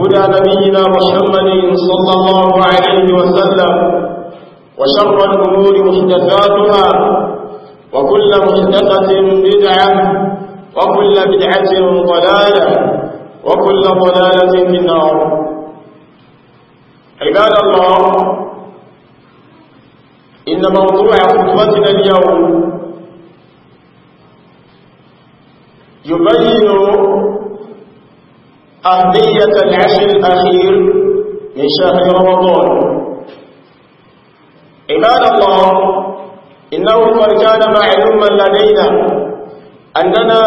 هدى نبينا محمد صلى الله عليه وسلم وشر الأمور محدثاتها وكل محدثة بدعة وكل بدعة ضلالة وكل ضلالة في النار عباد الله إن موضوع خطبتنا اليوم يبين أرضية العشر الأخير من شهر رمضان عباد الله إنه قد كان معلوما لدينا أننا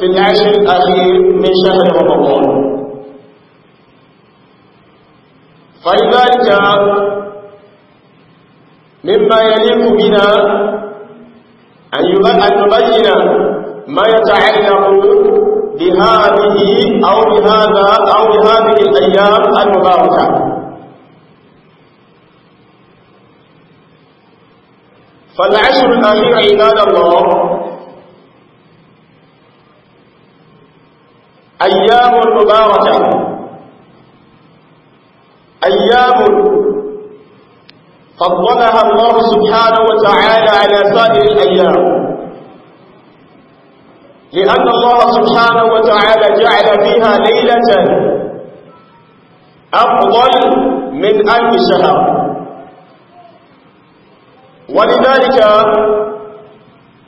في العشر الأخير من شهر رمضان فلذلك مما يليق بنا أن نبين ما يتعلق بهذه أو بهذا أو بهذه الأيام المباركة فالعشر الأخير عباد الله أيام مباركة أيام فضلها الله سبحانه وتعالى على سائر الأيام لأن الله سبحانه وتعالى جعل فيها ليلة أفضل من ألف شهر ولذلك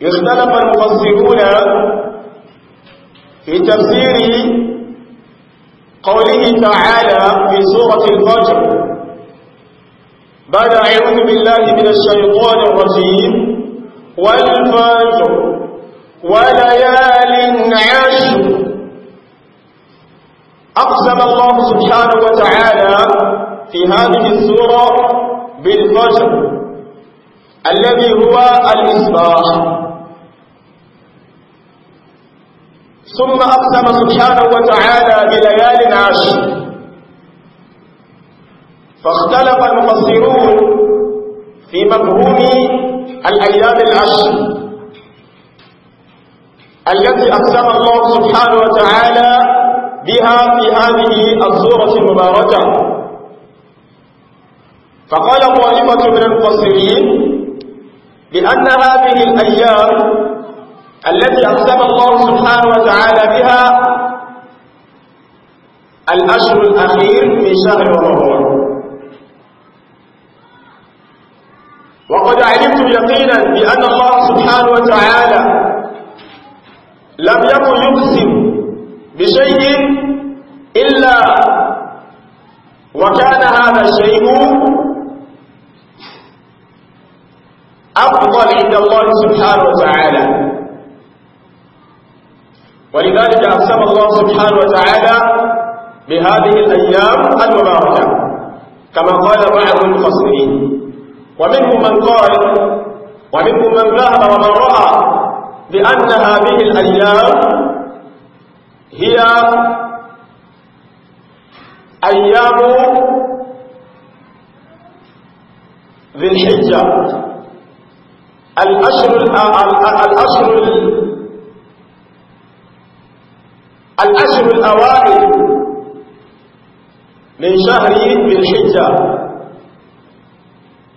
اختلف المفسرون في تفسير قوله تعالى في سورة الفجر بعد أعوذ بالله من الشيطان الرجيم والفجر وليالي أقسم الله سبحانه وتعالى في هذه السورة بالفجر الذي هو المصباح ثم أقسم سبحانه وتعالى بليال عشر فاختلف المفسرون في مفهوم الأيام العشر التي أقسم الله سبحانه وتعالى بها في هذه الصورة المباركة فقال طائفة من المفسرين بأن هذه الأيام التي أقسم الله سبحانه وتعالى بها الأشهر الأخير في شهر رمضان وقد علمت يقينا بأن الله سبحانه وتعالى لم يكن يقسم بشيء إلا وكان هذا الشيء أفضل عند الله سبحانه وتعالى ولذلك أقسم الله سبحانه وتعالى بهذه الأيام المباركة كما قال بعض المفسرين ومنهم من قال ومنهم من ذهب ومن رأى بأن هذه الأيام هي أيام ذي الحجة الأشهر آه، آه، الأشهر الأشهر الأوائل من شهر ذي الحجة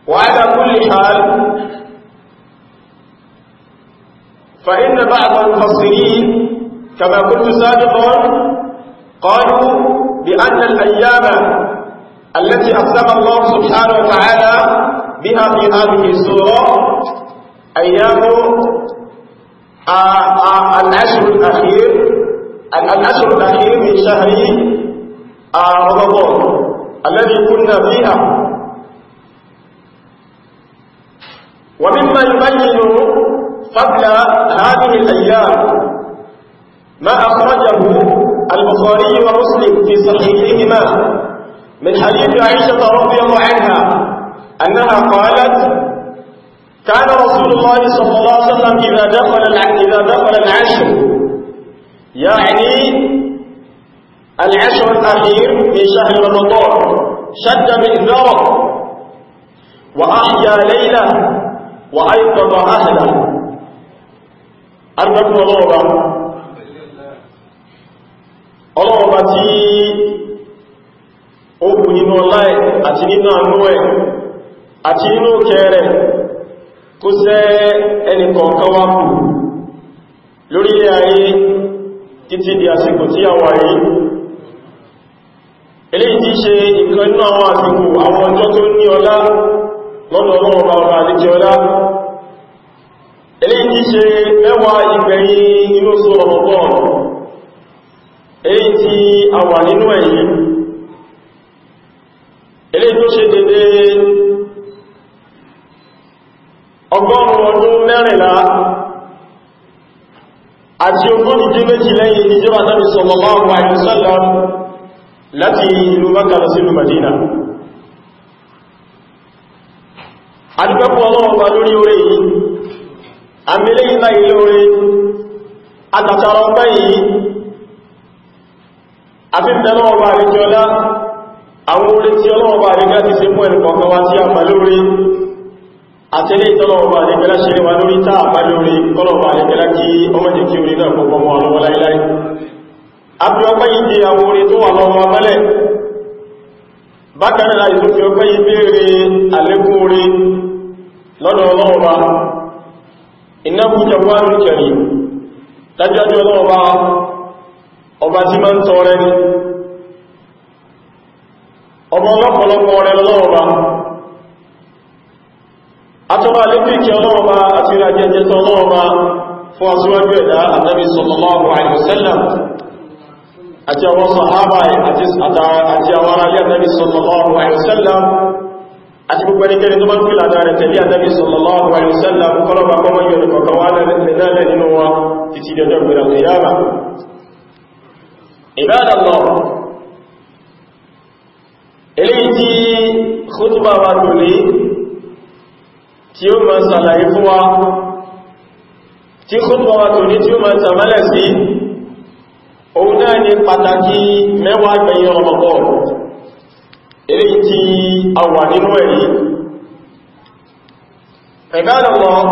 وعلى كل حال فإن بعض المفسرين كما كنت سابقا قالوا بأن الأيام التي أقسم الله سبحانه وتعالى بها في هذه السورة أيام آه، آه، العشر الأخير العشر الأخير من شهر آه، رمضان الذي كنا فيها ومما يبين فضل هذه الأيام ما أخرجه البخاري ومسلم في صحيحهما من حديث عائشة رضي الله عنها أنها قالت كان رسول الله صلى الله عليه وسلم إذا دخل إذا دخل العشر يعني العشر الأخير في شهر رمضان شد مئذاره وأحيا ليلة وأيقظ أهله أردت نظورا ọba tí nínú ọlá àti nínú àánú ẹ̀ àti nínú rẹ̀ kó sẹ́ ẹni kọ̀ọ̀kan wá kù lórí ilé ayé títí di àsìkò tí a wà yìí eléyìí ṣe ìkan inú àwọn àsìkò àwọn ọjọ́ tó ní ọlá lọ́nà ọlọ́run bá ọlá èyí tí a wà nínú èyí eléyìí tó ṣe dédé ọgọ́rùn ọdún mẹ́rìnlá àti ogójì méjì lẹ́yìn ìjọba tàbí sallallahu alaihi wasallam láti ìlú Mákà sí ìlú Madina àdúgbẹ́kùn ọlọ́ọ̀pá lórí orí yìí àmì lẹ́yìn láyé lórí àtàtàrà ọgbẹ́ yìí àti tẹ́lọ ọba àríjọlá àwọn orí tí ọlọ́ọba àríjọlá ti ṣe mú ẹnìkọ̀ọ̀kan wá tí a mọ̀ lórí àtẹ́lé ìtọ́lọ ọba àríjọlá ṣe wá lórí táà mọ̀ lórí kọlọ̀ọba àríjọlá kí ọmọdé kí orí náà pọ̀pọ̀ mọ́ ọlọ́wọ́ láíláí àbí ọpẹ́ yìí di àwọn orí tó wà lọ́wọ́ abẹ́lẹ̀ bákan náà ìlú fi ọpẹ́ yìí béèrè àlékún orí lọ́dọ̀ ọlọ́ọba ìnáwó jẹ́ wá lókèrè dájúdájú ọlọ́ọba ọba tí ma ń tọrẹ ní ọba ọlọ́pọ̀lọpọ̀ rẹ lọ́wọ́ba atọ́ba lẹ́kìkì ọlọ́wọ́ba àti ìrìnàjẹ́jẹ́ tọ́ lọ́wọ́ba fún aṣíwájú ẹ̀dá ànábì sallallahu alaihi wasallam àti àwọn sàhábà àti àwọn ará ilé ànábì sallallahu alaihi wasallam àti gbogbo ẹnikẹ́ni tó bá ń fìlà dára tẹ̀lé ànábì sallallahu alaihi wasallam kọlọ́bà kọmọ yóò nìkọ̀kọ̀wà lẹ́lẹ́lẹ́ nínú wa títí dẹjọ́ gbẹ̀rẹ̀ Ibadallah eléyìí tí khutba wa tòní tí ó máa ṣàlàyé fún wa tí khutba wa tòní tí ó máa ṣàmálẹ̀ sí òun náà ni pàtàkì mẹ́wàá gbẹ̀yìn ọmọkọ̀ eléyìí tí a wà nínú ẹ̀rí Ibadallah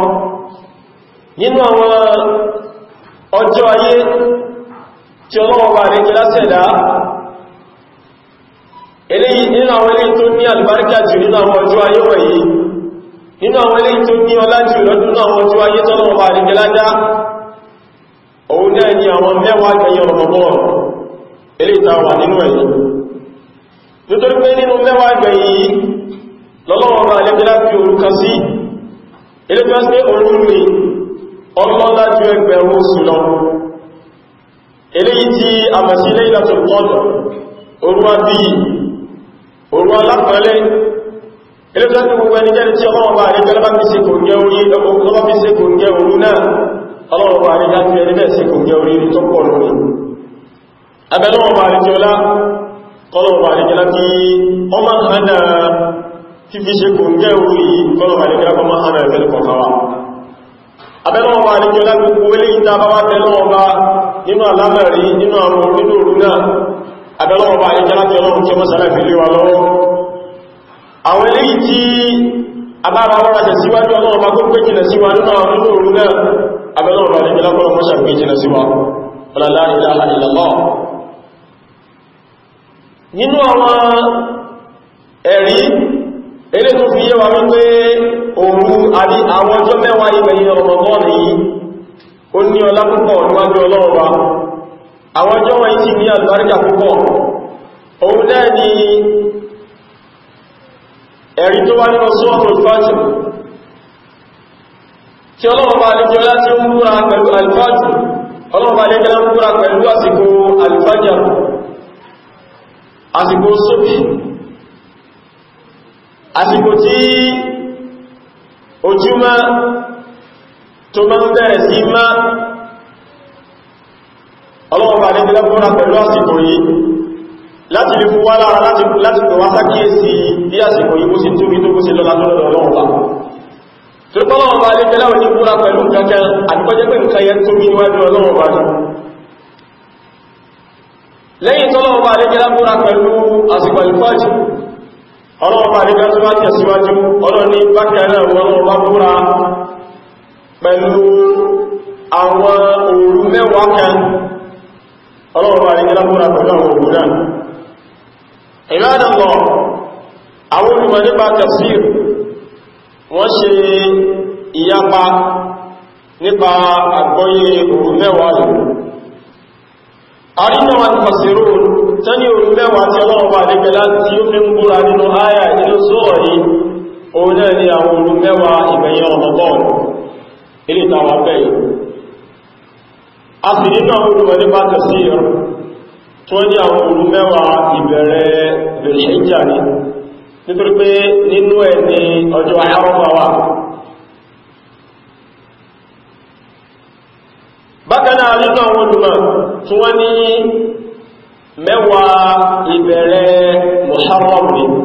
nínú àwọn ọjọ́ ayé tí ọlọ́wọ́ bá rí kílá sẹ̀dá eléyìí nínú àwọn eléyìí tó ní àlùbáríkà jù nínú àwọn ọjọ́ ayé wọ̀nyí nínú àwọn eléyìí tó ní ọlá jù lọ́dún àwọn ọjọ́ ayé tọ́lọ́wọ́ bá rí kílá òun àwọn mẹ́wàá eléyìí tí a mọ̀ sí Laylatul Qadr orúwá bí orúwá lápẹẹlẹ́ eléyìí tó gbogbo ẹni jẹ́ tí ọlọ́run bá rí gẹ́lẹ́bá fi ṣe kò ń gẹ́ orí ọkùnrin fi ṣe kò ń gẹ́ orú náà ọlọ́run bá rí gẹ́lẹ́bá fi ṣe kò ń gẹ́ orí tó pọ̀ lórí abẹ́lọ́run bá rí jọlá kọlọ̀run bá rí gẹ́lá kí ọmọ hànà fífi nínú alámẹ̀rí nínú àwọn onínúurú náà abẹ́lọ́wọ́ bá ayẹ́jẹ́ láti ọlọ́run tí ó mọ́sálẹ̀ fi lé wa lọ́wọ́ àwọn eléyìí tí abáwọ́wọ́ra jẹ síwájú ọlọ́run bá gbogbo jìnà síwá nínú àwọn onínúurú náà abẹ́lọ́wọ́ bá ayẹ́jẹ́ lápọ́lọ́ mọ́sà gbé jìnà síwá ọlọ́lá ilaha illallah nínú àwọn ẹ̀rí eré tó fi yé wa ó ní ọlá púpọ̀ níwájú ọlọ́run wa àwọn ọjọ́ ní àlùbáríkà púpọ̀ òun náà ni ẹ̀rí tó wá nínú sọ́ọ̀tọ̀ ìfájì tí ọlọ́run bá lẹ́jọ́ láti ń múra pẹ̀lú alifájì ọlọ́run bá lẹ́jọ́ múra pẹ̀lú àsìkò alifájì àsìkò àsìkò tí tó bá ń bẹ̀rẹ̀ sí má ọlọ́ọ̀bà ní gbẹ́gbọ́nà pẹ̀lú àsìkò yìí láti lè fún wá lára láti pọ̀ wá sákíyèsí bí àsìkò yìí bó sì tóbi tó bó sì lọ́la lọ́dọ̀ ọlọ́ọ̀bà tó tọ́lọ́ọ̀bà ní gbẹ́láwẹ̀ ní búra pẹ̀lú kankan àtúkọ́jẹ́ pé nǹkan yẹn tóbi níwájú ọlọ́ọ̀bà ni lẹ́yìn tọ́lọ́ọ̀bà ní gbẹ́lá búra pẹ̀lú àsìkò ìfọ́jú ọlọ́ọ̀bà ní gbẹ́lá tó bá tẹ̀síwájú ọlọ́ni bákẹ́ náà wọ́n lọ́wọ́ búra pẹ̀lú àwọn òru mẹ́wàá kan ọlọ́ọ̀bá rí gẹ́lábúra pẹ̀lú àwọn òru náà ìrádàmọ̀ àwọn olùmọ̀ nípa tafsir wọ́n ṣe ìyapa nípa àgbọ́yé òru mẹ́wàá yìí àrínà wọn tafsiru tẹ́ni òru mẹ́wàá tí ọlọ́ọ̀bá rí gẹ́lá tí ó nínú sóòrí òun ilé ìtawà bẹ́ẹ̀ a sì nínú àwọn olùwẹ̀ nípa tẹ̀sí ìrọ̀ tí wọ́n ní àwọn olú mẹ́wàá ìbẹ̀rẹ̀ bẹ̀rẹ̀ ní nítorí pé nínú ẹ̀ ní ọjọ́ ayárọ́fà wà nínú àwọn olùmọ̀ tí wọ́n ní mẹ́wàá ìbẹ̀rẹ̀ mọ̀ṣárọ̀mù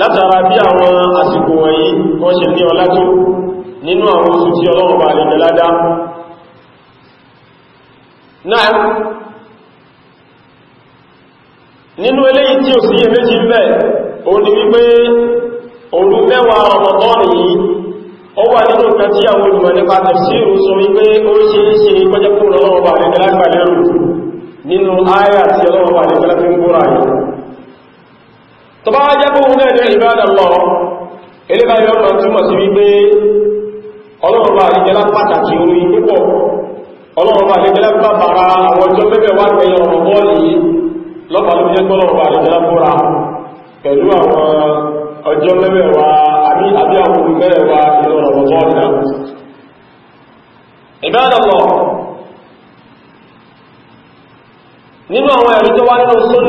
látara bí àwọn àsìkò wọ̀nyí kọ́ ṣe ní ọlá tó nínú àwọn oṣù tí ọlọ́run bá lè mẹ́ládá náà nínú eléyìí tí ò sí iyèméjì mẹ́ òun ni wípé òru mẹ́wàá Ramadan yìí ó wà nínú nǹkan tí àwọn olùmọ̀ nípa tafsiru sọ wípé ó ṣe é ṣe kọjẹ́kùn ọlọ́run bá lè nínú áyà tí ọlọ́run bá lè tó bá jẹ́ bóhun náà na ìbádàlọ́ elébáyọ́ ma túnmọ̀ sí wípé ọlọ́rọ̀lá àríjẹlá pàtàkì orí púpọ̀ ọlọ́rọ̀lá àríjẹlá bàbára àwọn ọjọ́ mẹ́fẹ́ wá pẹ̀yẹ ọ̀rọ̀ bọ́ọ̀lì lọ́pàá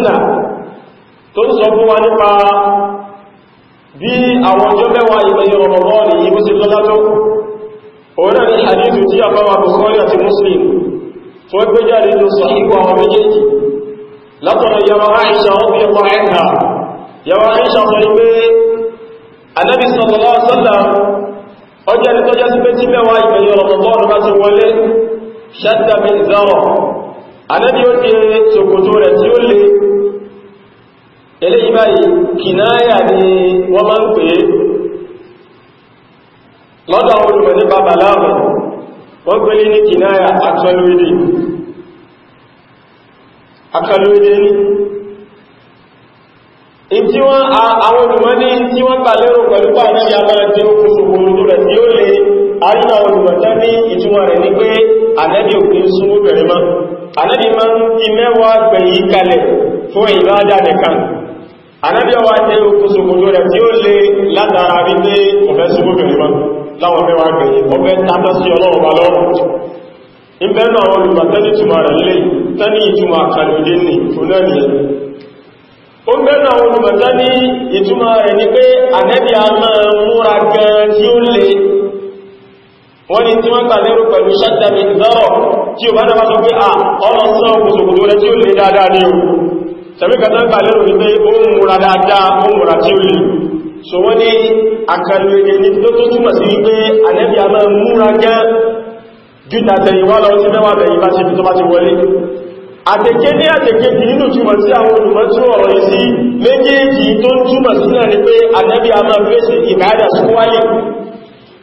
na tó sọ fún wa nípa bí àwọn ọjọ́ mẹ́wàá ìgbẹ̀yẹ Ramadan yìí bó ṣe lọ́lá tó òun náà ni hadithu tí a bá wa Bukhari àti Muslim tó gbé jáde ló sọ ikú àwọn méjèèjì látọ̀rọ̀ yàwó Aisha ó fi ọmọ ẹ̀ka yàwó Aisha sọ pé Ànábì sallallahu alaihi wasallam ọjọ́ ní tọ́jọ́ sí pé tí mẹ́wàá ìgbẹ̀yẹ Ramadan bá ti wọlé shadda min zara Ànábì eléyìí báyìí kìnáyà ni wọ́n máa ń pè é lọ́dọ̀ àwọn olùmọ̀ nípa wọ́n pè ní kìnáyà akọlóìdè akọlóìdè ní ìtí wọ́n àwọn olùmọ̀ ní tí wọ́n gbà pẹ̀lú pàdé ya máa jẹ́ okùn ṣòkòrò rẹ̀ tí ó lè àríwá olùmọ̀tẹ́ ní ìtumọ̀ rẹ̀ ní pé ànẹ́bí òkun súnmú bẹ̀rẹ̀ mọ́ ànẹ́bí máa ń ti mẹ́wàá gbẹ̀yìn kalẹ̀ fún ìbáadà nìkan anábí ọwà tẹ́ òkúsòkòtò rẹ̀ tí ó lè látara rí pé ọ̀fẹ́ ṣubúbìnrin mọ́ láwọn mẹ́wàá gbẹ̀yìn ọ̀fẹ́ tàbí sí ọlọ́run bá lọ́rùn ìbẹ́ náà olùgbàtẹ́lì túnmà rẹ̀ lè tẹ́ni ìtumà kàlòdé ní fúnẹ́ni ó ń bẹ́ẹ̀ náà olùgbàtẹ́lì ìtumà rẹ̀ ní pé ànẹ́bí a máa múra gan tí ó lè wọ́n ni tí wọ́n gbà lérò pẹ̀lú ṣẹ́tẹ̀mì ìdọ́rọ̀ tí ó bá náà wá pé à ọlọ́sọ́ òkùsòkùsò rẹ̀ tí ó lè dáadáa ní o sẹ̀míkàtà gbà lérò wípé ó ń múra dáadáa ó múra tí ó lè so wọ́n ní àkàlù èdè ní tó tó túnmọ̀ sí wípé ànẹ́bí a máa múra gẹ́ júta tẹ̀yìnwá lọ sí mẹ́wàá bẹ̀yìn bá ṣe fi tó bá ti wọlé àtẹ̀kẹ́ ní àtẹ̀kẹ́ jù nínú túnmọ̀ sí àwọn olùmọ̀ tí ó rọrùn sí méjèèjì tó túnmọ̀ sí náà ni pé ànẹ́bí a máa fèsì ìbáyà sọ́wáyé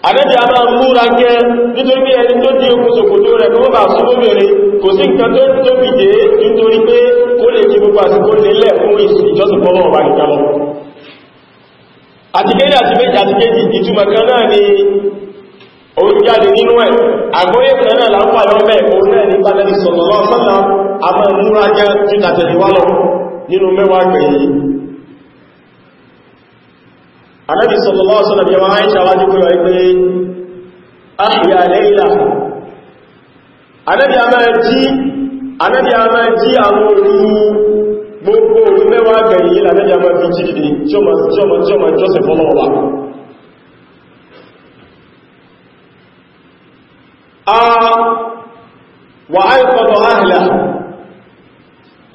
àbẹ́bí a máa múra kẹ́ nítorí pé ẹni tó dí okùn sòkòtò rẹ̀ kó bá súnmọ́bìnrin kò sí nǹkan tó tóbi dé nítorí pé ó lè jí gbogbo àsìkò nílẹ̀ fún ìjọsìn fọ́lọ́ ọ̀bá nìkan lọ àtìkéjì àtìkéjì àtìkéjì ìtumọ̀ kan náà ni ó jáde nínú ẹ̀ àgbóyé kan náà lápá lọ́mẹ́ òun náà nípa lẹ́ni sọ̀rọ̀ lọ́sọ́nà a máa múra jẹ́ títàtẹ̀lẹ́wà lọ nínú mẹ́wàá gbẹ̀yìn anábi sallallahu alaihi wasallam yẹwà aisha wá ní kúrò wípé ahìyà lẹ́ìlà anábi a máa jí anábi a máa jí àwọn òru gbogbo òru mẹ́wàá gẹ̀yìn lànàbí a máa fi jí dìde tí ó máa jọ́sẹ̀ fọ́lọ́wà wà áìkọ̀tọ̀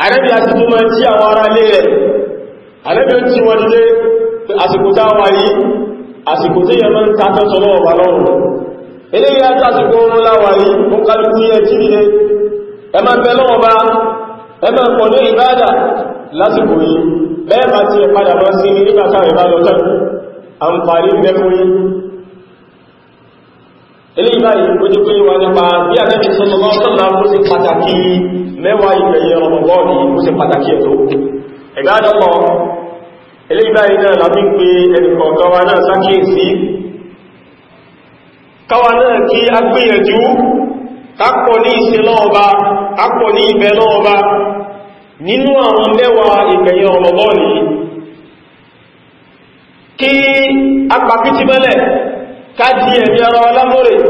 ahìyà anábi a àsìkò táwà yìí àsìkò tí yẹmọ ń tàtọ́ sọ́lọ́ ọ̀bà lọ́rùn ilé yà tàsìkò oorun láwà yìí ó kálukú yẹ tí ilé ẹmà bẹ lọ́wọ́ bá ẹmà pọ̀ ní ìbádà lásìkò yìí mẹ́ẹ̀bà ti padà máa sí ní nígbà táwà ìbá lọ́tọ́ àǹfààní mẹ́fún yìí ilé ìbáyìí ó jẹ́ pé wà nípa bí àtẹ́kì sọ́lọ́lọ́ sọ́lọ́ ó sì pàtàkì mẹ́wàá ìgbẹ̀yẹ ọmọ bọ́ọ̀lì ó sì pàtàkì eléyìí báyìí náà lábí pé ẹnìkọ̀ọ̀kan wa náà a gbìyànjú kápọ̀ nínú àwọn mẹ́wàá ìgbẹ̀yìn ni kí a pàpítí mẹ́lẹ̀ ká di ẹ̀mí ara wa lámọ́rẹ̀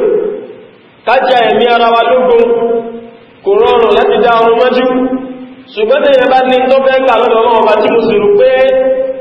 ká jẹ ẹ̀mí ara wa lógún kò rọrùn láti dá ọrún mọ́jú ṣùgbọ́n tẹ́yẹ bá ní tó fẹ́ gbà lọ́dọ̀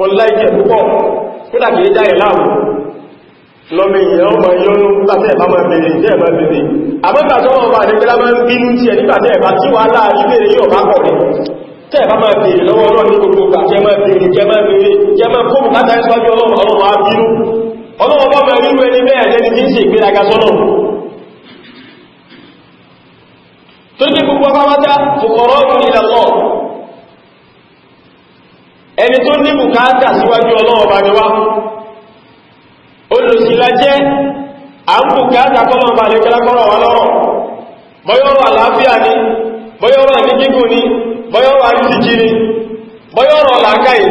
mọ́ láìkẹ́ púpọ̀ kódà kìí dáyẹ̀ láàmù lọ́mọ èèyàn ọmọ yọ́nú látẹ́ ẹ̀bá máa bèèrè ìdẹ́ ẹ̀bá bèèrè àbẹ́bà tó wọ́n bá nígbẹ́lá máa ń bínú tí ẹ̀ nígbàtẹ́ ẹ̀bá tí wà láàrin bèèrè yóò bá kọ̀ rẹ̀ tẹ́ẹ̀bá máa bèèrè lọ́wọ́ ọlọ́run ní gbogbo ìgbà jẹ́ máa bèèrè jẹ́ máa bèèrè jẹ́ máa kó bùkátà ẹ́ sọ́jọ́ ọlọ́run á bínú ọlọ́run bá máa wíwẹ́ ní bẹ́ẹ̀ jẹ́ ní kí ń ṣe ìgbéraga sọ́nà tó ní gbogbo ọpá pátá fòkọ̀rọ̀ ìlàlọ́ ẹni tó ní bùkátà síwájú ọlọ́wọ́ bá ní wá olùsílá jẹ́ à ń bùkátà kọ́lọ̀ bá lè kẹ́lákọ́rọ̀ wá lọ́rọ̀ bọ́yọ́ wà láàfíà ní bọ́yọ́ wà ní gígùn ní bọ́yọ́ wà ní tìkí ní bọ́yọ́ rọ̀ làákàyè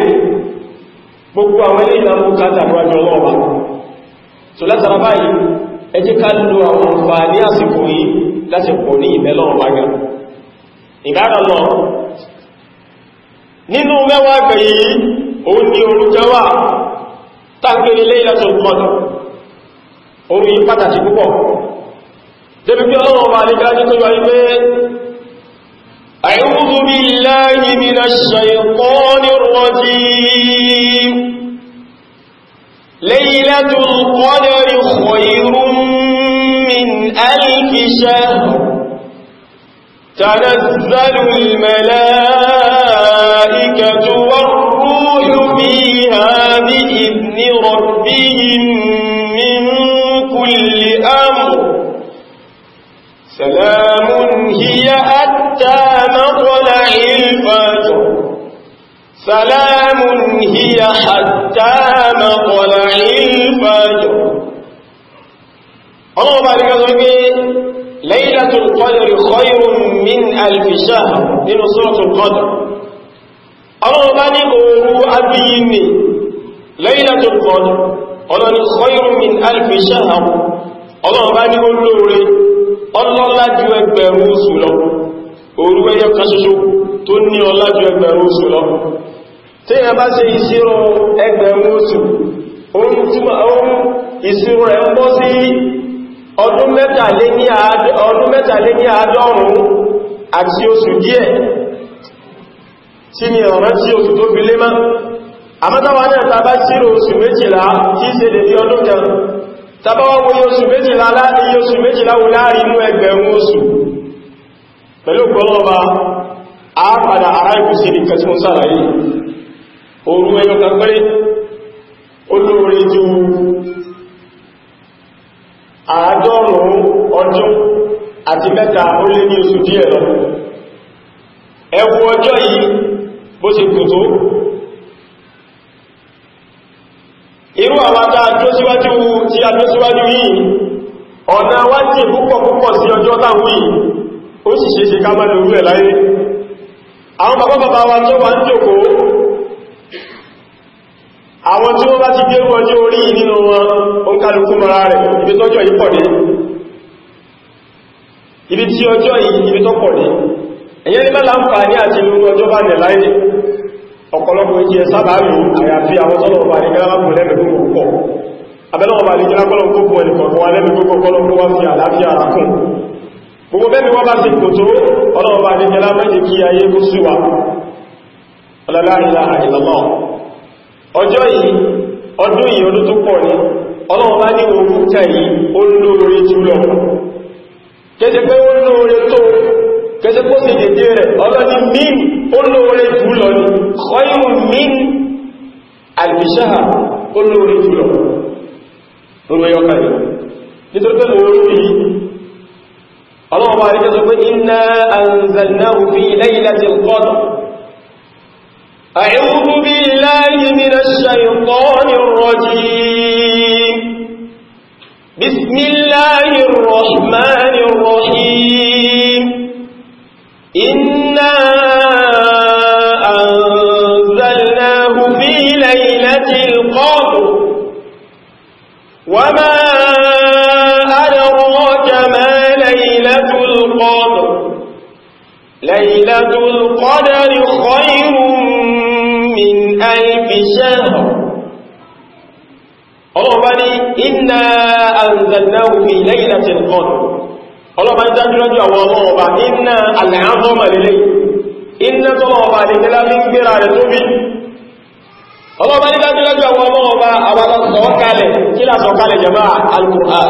nínú mẹ́wàá gbẹ̀yìn yìí òun ni orúkẹ wà tàbí Laylatul Qadr orí pàtàkì púpọ̀ débi pé ọlọ́wọ́ bá ní gájí tó yọ ipé A'udhu billahi minash تنزل الملائكة والروح فيها بإذن ربهم من كل أمر سلام هي أتى مطلع الفجر سلام هي حتى مطلع الفجر الله بارك الله Laylatul Qadri khayrun min alfi shahr nínú Suratul Qadr ọlọ́run bá ní òru abíyí ni Laylatul Qadr ọlọ́run khayrun min alfi shahr ọlọ́run bá ní olóore ọlọ́lá ju ẹgbẹ̀rún oṣù lọ òru ẹyọ kan ṣoṣo tó ní ọlá ju ẹgbẹ̀rún oṣù lọ tí ọdún mẹ́tàlé ní àádọ́rùn-ún àti oṣù díẹ̀ tí ni ọ̀rán osu oṣù tó fi lé má àmọ́tàwà náà tàbá sírò oṣù méjìlá tí ṣe lè ọdún kan tàbá wọ́n oṣù méjìlá láti oṣù méjìlá wù láàrin ẹgbẹ̀rún àádọ́rùn-ún ọdún àti mẹ́ta ó lé ní oṣù díẹ̀ lọ ẹ ọjọ́ yìí bó ṣe kù tó irú àwọn tá a dó síwájú tí a dó síwájú yìí ọ̀nà wá tí púpọ̀ púpọ̀ sí ọjọ́ láwọn yìí ó sì ṣe ṣe ká má lórú ẹ̀ láyé àwọn bàbá bàbá wa tó wà ń àwọn tí ó bá ti gbérú ọjọ́ orí nínú wọn o ń kálukú mara rẹ̀ ibi tọ́jọ́ yìí pọ̀dé ibi tí ọjọ́ yìí ibi tọ́ pọ̀dé ẹ̀yẹ́ ní mẹ́lá ń fà ní àti ìlú ọjọ́ bá nẹ̀ láyé ọ̀pọ̀lọpọ̀ ìjì ẹ̀ sábà rí àyàfi àwọn tọ́lọ̀ọ̀bà ní gẹ́lábùn lẹ́mẹ̀kún púpọ̀ abẹ́lọ́ọ̀bà ní gẹ́lábùn gbogbo ẹnìkọ̀ọ̀kan wa lẹ́mẹ̀kún kọ́lọ́kọ́ wá fi àlàáfíà àrákùn gbogbo bẹ́ni wọ́n bá ti kò tó ọlọ́ọ̀bà ní gẹ́lábùn jẹ́ kí ayé kó síwà ọlọ́lá ìlà àìlọ́lọ́ọ̀ ọjọ́ yìí ọdún yìí ọdún tó pọ̀ ní ọlọ́run bá ní ogun tẹ́ yìí ó lóore jùlọ kéṣe pé ó lóore tó kéṣe pó sì dédé rẹ̀ ọlọ́ni mín ó lóore jùlọ ní khayrun min alfishaha ó lóore jùlọ lórí ọkà yìí nítorí أعوذ بالله من الشيطان الرجيم بسم الله الرحمن الرحيم إنا أنزلناه في ليلة القدر وما أدراك ما ليلة القدر ليلة القدر iná àǹzànáwì lẹ́yìn àti nǹkan ọlọ́bà ń dájúlọ́jú àwọn ọmọ ọba iná àlẹ́hàntọ́ màlélé iná tọ́lọ̀ ọba àdìkẹ́lá ní gbéra rẹ̀ tó bí ọlọ́bà ń dájúlọ́jú àwọn ọmọ ọba àwọn sọ̀kalẹ̀ kí lásọ̀kalẹ̀ jẹba al-Qur'an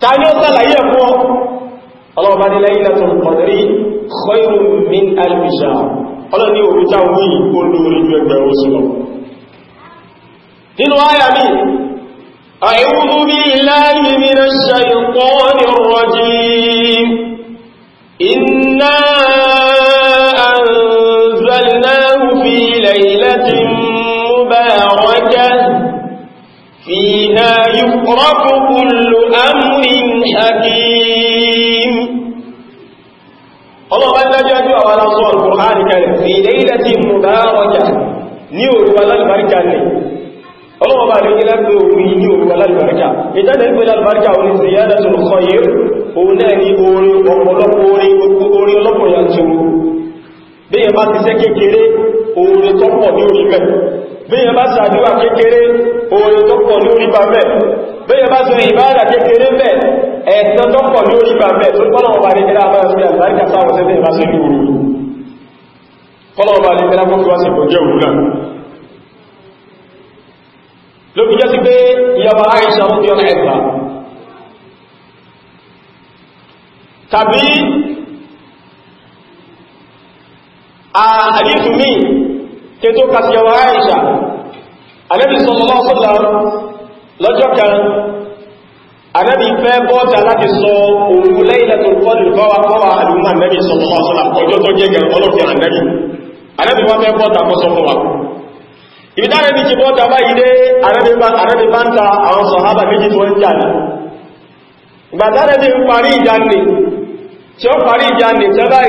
تعالوا تعالى يقوى الله بعد ليلة القدري خير من ألف شهر قال لي وبتاوي كل دور يجب أوسما في الآية مين أعوذ بالله من الشيطان الرجيم إنا أنزلناه في ليلة مباركة فيها يفرق كل أمر حكيم الله بل جاءوا على صور القرآن كان في ليلة مباركة نيور ولا البركة الله بل يلقوا نيور ولا البركة إذا نقول البركة ولزيادة الخير ونالي أوري وقلق أوري أوري لقوا ينسوا بيه ما تسكي كيري أوري تقوى نيور بيه bẹ́yẹn bá sàdúwà kékeré oore tọ́pọ̀ lórí bá mẹ́ bẹ́yẹn bá sọ ìbáàdà kékeré mẹ́ ẹ̀tọ́ tọ́pọ̀ lórí bá mẹ́ tó kọ́lọ̀wọ̀ bá ní kẹ́lá bá sí àgbáríkà sáwọn sẹ́fẹ́ ìbá sí lúurú kọ́lọ̀wọ̀ bá ní kẹ́lá kọ́kọ́ sí kò jẹ́ òun náà ló fi jẹ́ sí pé ìyàwó àìsàn ó yọ ẹ̀ta tàbí àdífù míì kí tó kàṣíyàwó Aisha Ànábì sallallahu alaihi wasallam lọ́jọ́ kan Ànábì fẹ́ bọ́ta láti sọ òru Laylatul Qadr fọ́wà àdúgbà Ànábì sallallahu alaihi wasallam ọjọ́ tó jẹ́ gẹ̀rẹ̀ ọlọ́fẹ́ Ànábì Ànábì wọ́n fẹ́ wa ìdáre ní ti bọ́ta báyìí dé àrẹ́bí bá ń ta àwọn sọ̀hábà méjì tó ń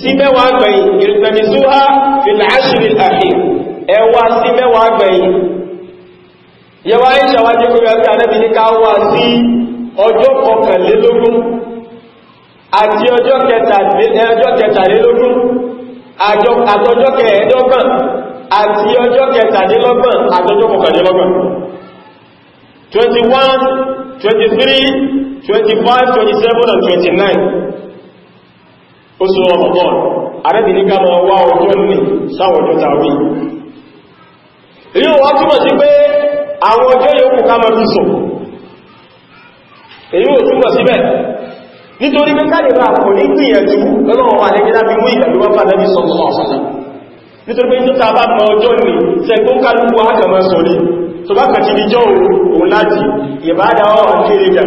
sí mẹ́wàá gbẹ̀yìn ìrìtẹ̀mìzúhá fìlàáṣìrì àfi ẹwà sí mẹ́wàá gbẹ̀yìn yẹwà ìṣàwájú kúrò ẹgbẹ́ anẹ́bì ní káwà sí ọjọ́ kọkànlélógún àti ọjọ́ kẹtàlélógún àtọjọ́ kẹẹ̀ẹ́dọ́gbọ̀n àti ọjọ́ kẹtàlélọ́gbọ̀n àtọjọ́ kọkànlélọ́gbọ̀n 21 23 25 27 and 29 oṣù Ramadan arẹ́bìnrin ká máa wá ọjọ́ ní sáwọn ọjọ́ tàwí èyí wá túnmọ̀ sí pé àwọn ọjọ́ yòókù ká máa fi sùn èyí ò túnmọ̀ síbẹ̀ nítorí pé káàdìbà kò ní gbìyànjú lọ́lọ́wọ́ wà lẹ́gbẹ́lá bí mú ìgbàlú wá fàdá bí sọ́nà ọ̀sánà nítorí pé nítorí bá mọ ọjọ́ ní sẹ́gbọ́n kálùkù ágàmọ́ sọ ní tó bá kàtí ní jọ́ òun láti ìbádáwọ́ kéré jẹ́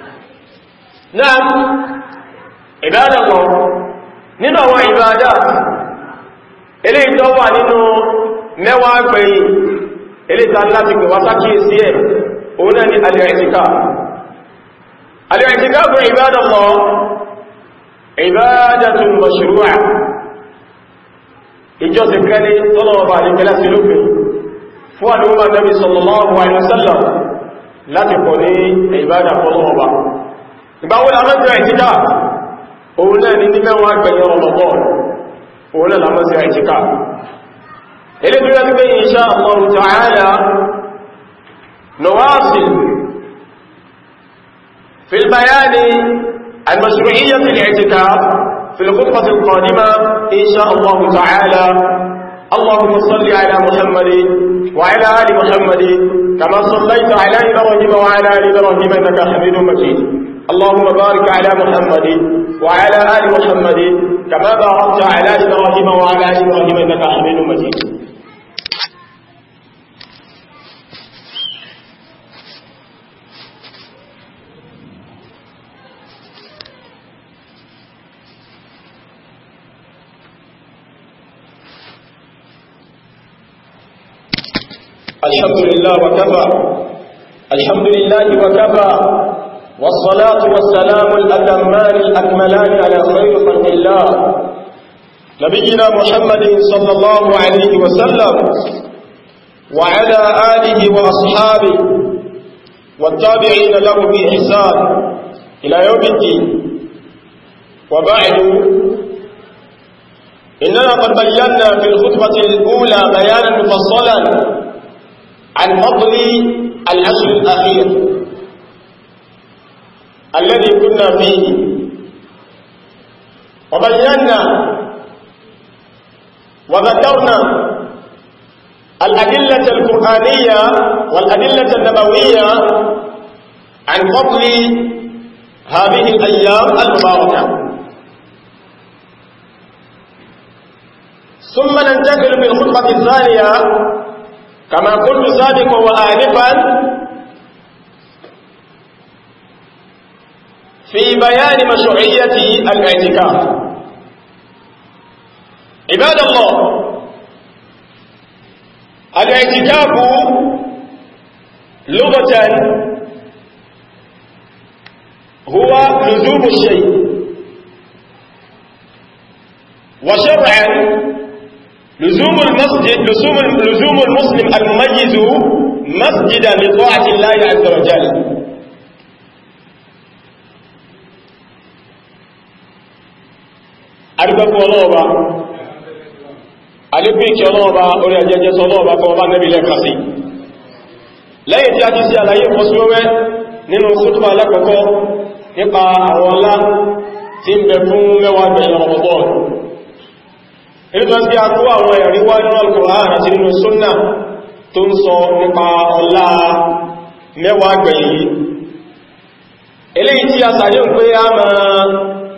náà ìbádàgbọ́ nínú àwọn ìbádà eletọwa tó wà nínú mẹ́wàá lati eléyìí tán láti pè wá sákíyèsí ẹ̀ òun náà ni alẹ́ẹ̀tíká alẹ́ẹ̀tíká bú ìbádàgbọ́ ìbádàtún mọ̀ṣùrúwà ìjọsìn kẹ́lé tọ́lọ̀ọ̀bà àdíkẹ́lá sí lópin fún àdúgbà Nabi sallallahu alaihi wasallam lati pọ̀ ní ìbádà ìgbàwó lámọ́sílẹ̀ ìtíká òun náà ní mẹ́wàá gbẹ̀yẹ ọmọbọ̀ òun náà lámọ́sílẹ̀ ìtíká ilé tó rẹ̀ gbé insha Allah ta'ala nawasil fi al-bayan al-mashru'iyyah fi al-i'tikaf fi al-khutbah al-qadimah insha Allah ta'ala اللهم صل على محمد وعلى آل محمد كما صليت على إبراهيم وعلى آل إبراهيم إنك حميد مجيد اللهم بارك على محمد وعلى آل محمد كما باركت على إبراهيم وعلى آل إبراهيم إنك حميد مجيد الحمد لله وكفى الحمد لله وكفى والصلاة والسلام الأتمان الأكملان على خير خلق الله نبينا محمد صلى الله عليه وسلم وعلى آله وأصحابه والتابعين له بإحسان إلى يوم الدين وبعد إننا قد بينا في الخطبة الأولى بيانا مفصلا عن فضل العشر الأخير الذي كنا فيه وبينا وذكرنا الأدلة القرآنية والأدلة النبوية عن فضل هذه الأيام المباركة ثم ننتقل بالخطبة الثانية كما كنت سابقا وآنفا في بيان مشروعية الاعتكاف عباد الله الاعتكاف لغة هو لزوم الشيء وشرعا لزوم المسجد لزوم المسلم المميز مسجدا لطاعة الله عز وجل adúgbẹ́kún ọlọ́ọ̀bá alébíkì ọlọ́ọ̀bá orí ajẹjẹ sọ ọlọ́ọ̀bá kọ ọba nẹ́bí lẹ́ẹ̀kan sí lẹ́yìn tí a ti sí àlàyé fọ́síwẹ́wẹ́ nínú sútúbà alákọ̀ọ́kọ́ nípa àwọn ọlá tí ń bẹ fún mẹ́wàá gbẹ̀yìn Ramadan nítorí tí a kó àwọn ẹ̀rí wá nínú Al-Qur'an àti nínú súnnà tó ń sọ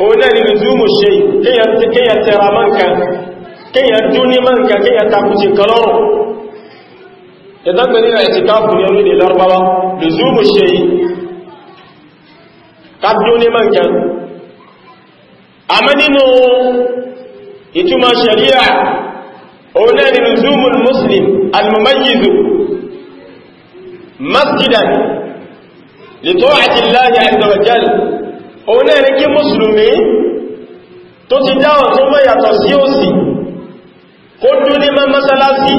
òun náà ni lùzúmù ṣe kéyàn tẹ́ra mọ́nkan kéyàn dún ní mọ́nkan kéyàn takùsì kalọ́rùn ìdágbẹ̀ nínú ìtìkáàfù ní orílẹ̀ lọ́rọ̀báwá lùzúmù ṣe yìí tàbíún ní mọ́nkan àmẹ́ nínú ìtumọ̀ ṣàríà òun náà ni lùzúmù muslim al masjidan li ta'ati Allah azza wa òun náà ní kí mùsùlùmí tó ti dá ọ̀tún mọ́ yàtọ̀ sí òsì kó dún ní mọ́sálásí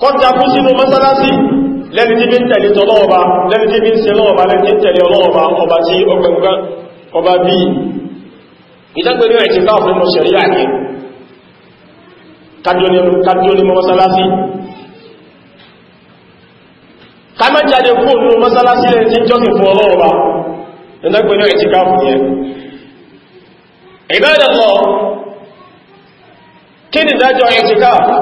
kó tapú sínú mọ́sálásí lẹ́ni tí bí ń tẹ̀lé tọ́lọ́ọba lẹ́ni tí bí ń ṣe lọ́ọba lẹ́ni tí ń tẹ̀lé ọlọ́ọba ọba sí ọgbẹ̀gbẹ̀ ọba bí ìdágbẹ̀rí rẹ̀ ti káàkiri mọ̀ ṣẹ̀rí àní kájọ́ ní mọ́sálásí ká mẹ́jáde kúrò nínú mọ́sálásí lẹ́ni tí jọ́sìn fún ọlọ́ọba ẹ̀dọ́gbẹ̀lẹ̀ ìtìkáfù yẹn ìbádàlọ́ kí ni ìdájọ́ ìtìkáfù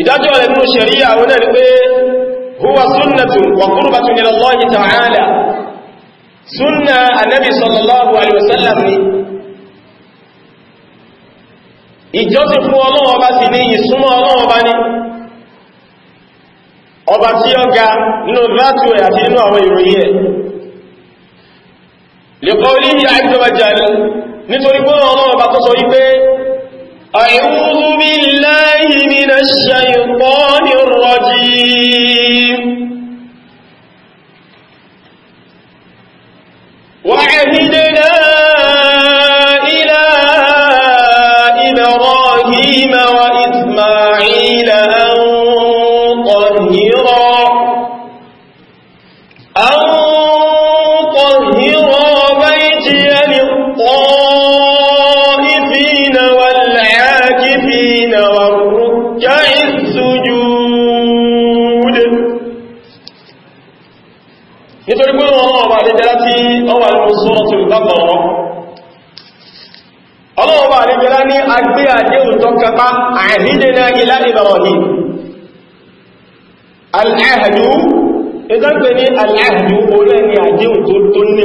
ìdájọ́ rẹ̀ nínú ṣẹ̀ríyà wọn ni pé huwa sunnatun wa qurbatun ila Allah ta'ala sunna annabi sallallahu alaihi wasallam ni ìjọsìn fún ọlọ́wọ́ bá sì ní ìsúnmọ́ ọlọ́wọ́ bá ní ọba tí ó ga nínú látù ẹ̀ e àti nínú àwọn ìròyìn ẹ̀ e. لقوله عز وجل نتوري الله بقصري أعوذ بالله من الشيطان الرجيم وعهد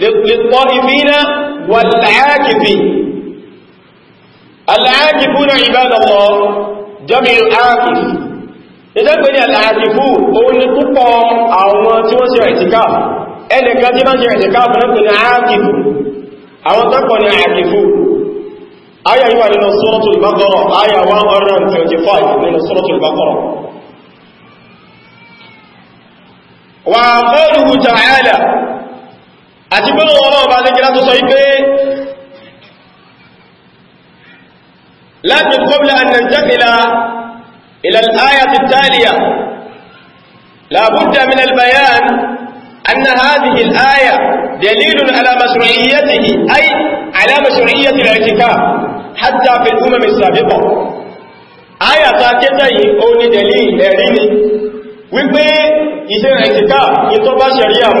للطائفين والعاكفين العاكفون عباد الله جمع العاكف ìdágbé ní àlàájìfú òun ni púpọ̀ àwọn tí wọ́n ṣe ẹ̀tìká ẹnìká tí máa ṣe ẹ̀tìká fún ẹ̀kùn ní àákìfú àwọn tọ́kọ̀ ní àákìfú ayà yíwa nínú Suratul Baqara ayà 125 nínú Suratul Baqara wa qawluhu ta'ala àti gbọ́nà ọlọ́run bá ní kílá tó sọ wípé láti kọ́bílá annàjáfilá ìlàláyà ti tààlìyà أن هذه الآية دليل على مشروعيته أي على مشروعية الاعتكاف حتى في الأمم السابقة آية تاكتي أولي دليل أريني ويبقى إذا الاعتكاف يطبع شريعه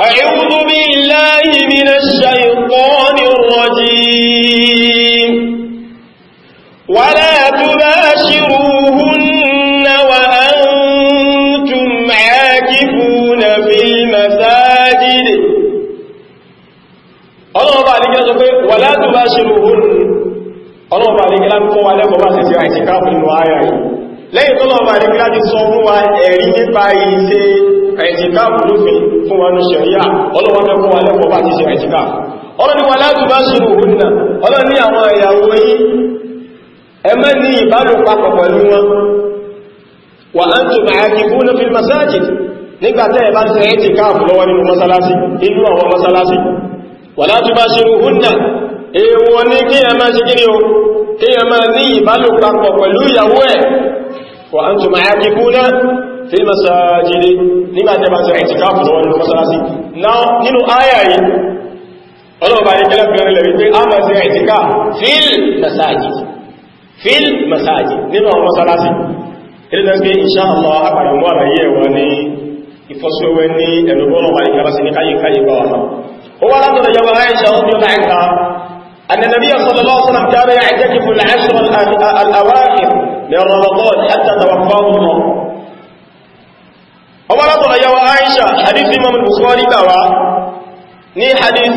أعوذ بالله من الشيطان الرجيم ولا تباشروهن وأنتم عاكفون في المساجد الله بعد كده ولا تباشروهن الله بعد كده فهو لكم ما سيسير اعتكاف النوايا lẹ́yìn tó lọ́wọ́ àdíkíláti sọ fún wa ẹ̀rí nípa ìṣe ẹ̀jìkáàbù lófin fún wa ní ṣẹ̀ríà ọlọ́wọ́n fẹ́ fún wa lẹ́kọ̀ọ́ bá ti ṣe ẹ̀tíkà ọ̀rọ̀ ni wà látù bá ṣe rùhùn náà ọlọ́ ní àwọn ìyàwó yìí ẹmẹ́ ní ìbálò papọ̀ pẹ̀lú wọn wà á tún àyàkì fún ní fil masajid nígbàtẹ́ ẹ̀bá ti ẹ̀ẹ́tì káàkù fún náà fi masajidi nígbà tẹ́ bá ṣe ìtìkáfù lọ́wọ́ nínú mọ́sálásí nínú áyà yìí ọlọ́ọ̀bá ní kẹlẹ́ bẹ̀rẹ̀ lẹ́rí pé a máa ṣe ìtìká fil masajid fil masajid nínú àwọn mọ́sálásí ilẹ̀ pé insha Allah àpàdàmọ́ àlàyé ẹ̀wọ̀ ní ìfọ́síwẹ́wẹ́ ní ẹ̀rọ̀bọ́n wà ní kẹrẹsì ní káyé káyé bá wà ó wá látọ̀rọ̀ yọba Aisha ọdún náà ẹ̀ka أن النبي صلى الله عليه وسلم كان يعتكف العشر الأواخر من رمضان حتى توفاه الله ọwọ́ látọ̀lá yàwó Aisha hadith imam Bukhari gbàwá ní hadith 2020